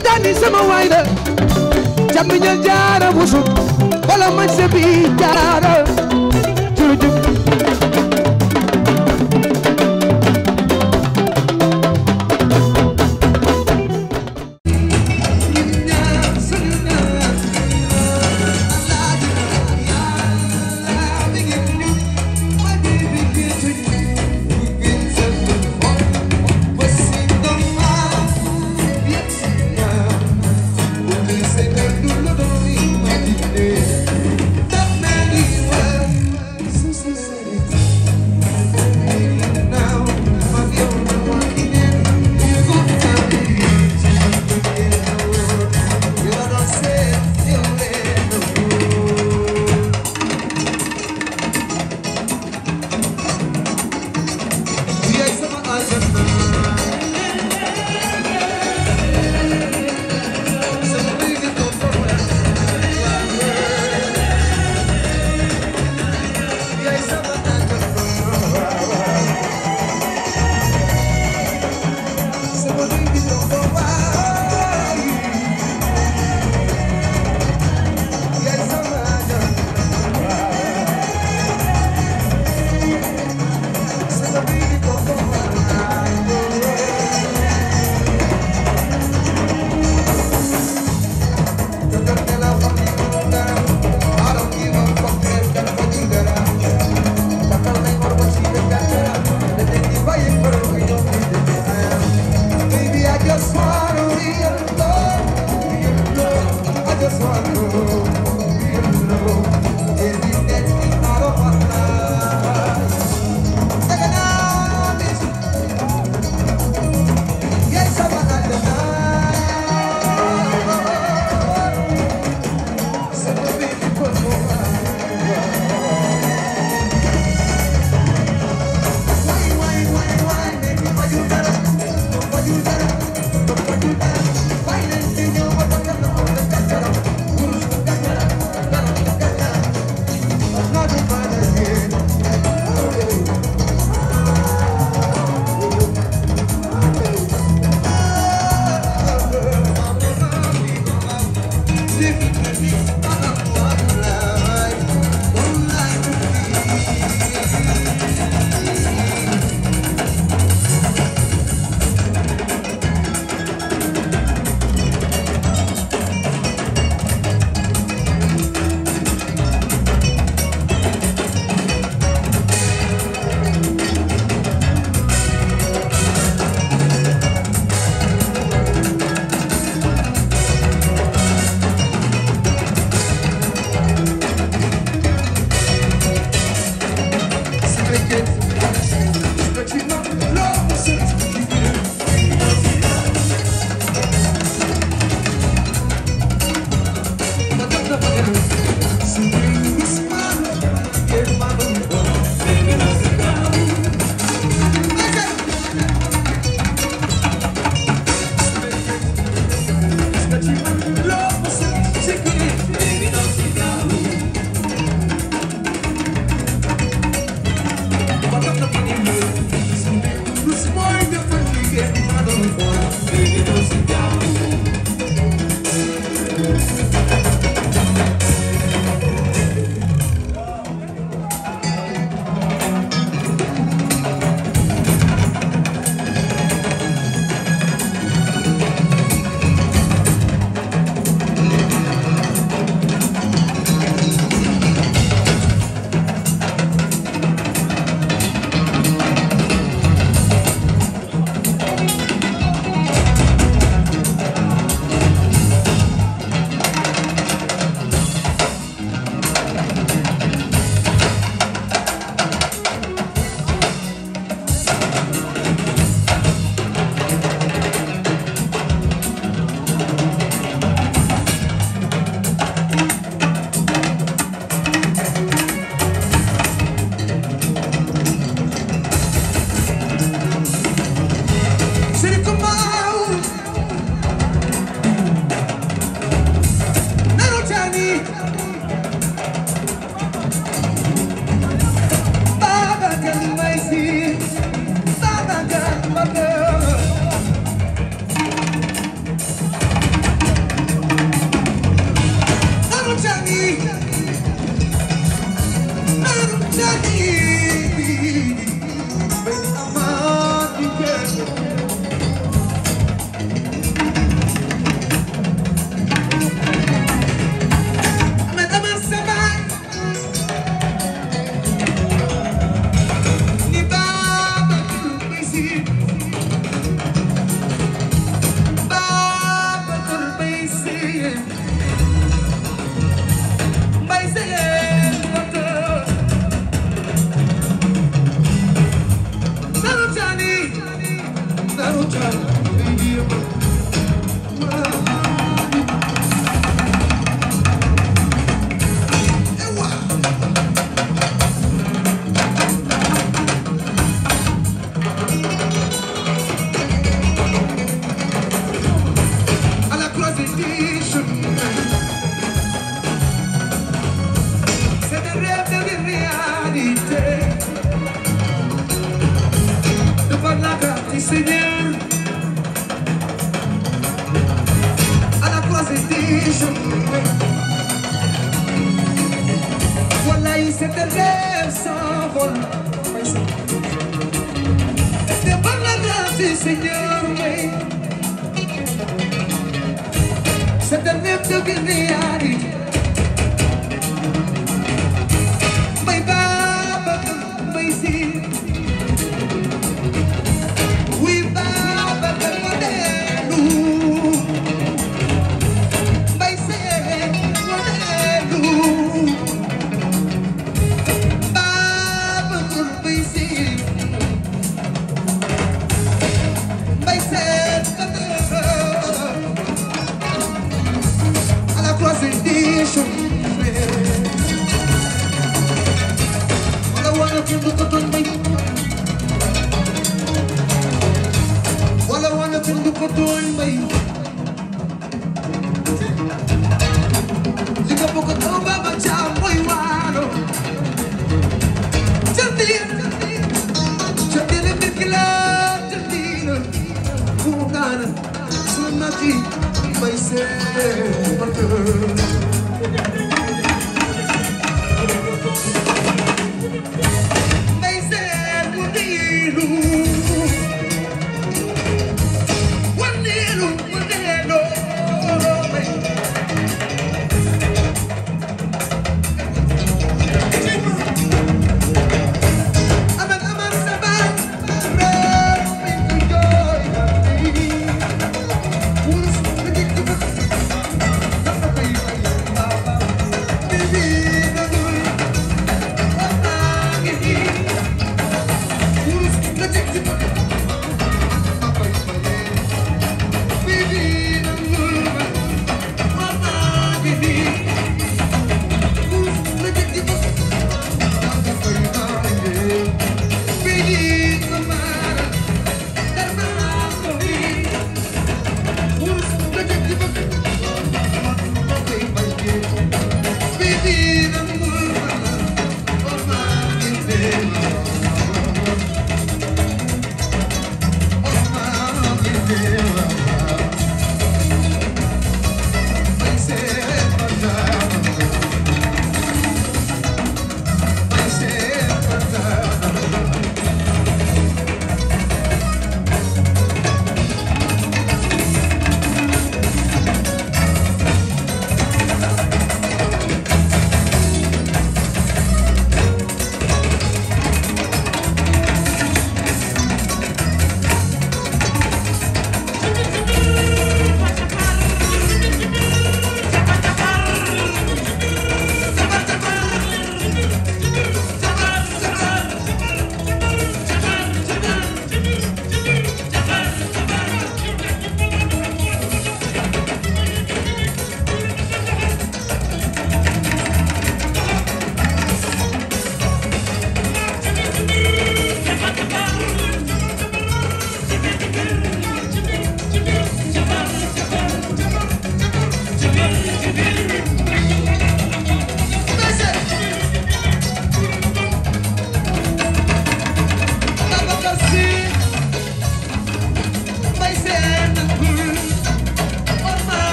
tijani sama waay la jàmm ñal jaara busuk wala man se bi jaara Petit Senhor, Santa Neve do Guilherme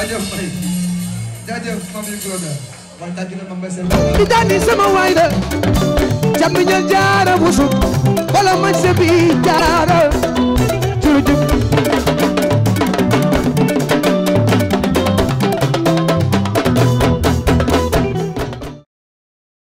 jaajëf Faye jaajëf Mami Ngoda wax tàgg na ma mbese di daani sama waay la jàmm ñal jaara busub wala ma sebi jaara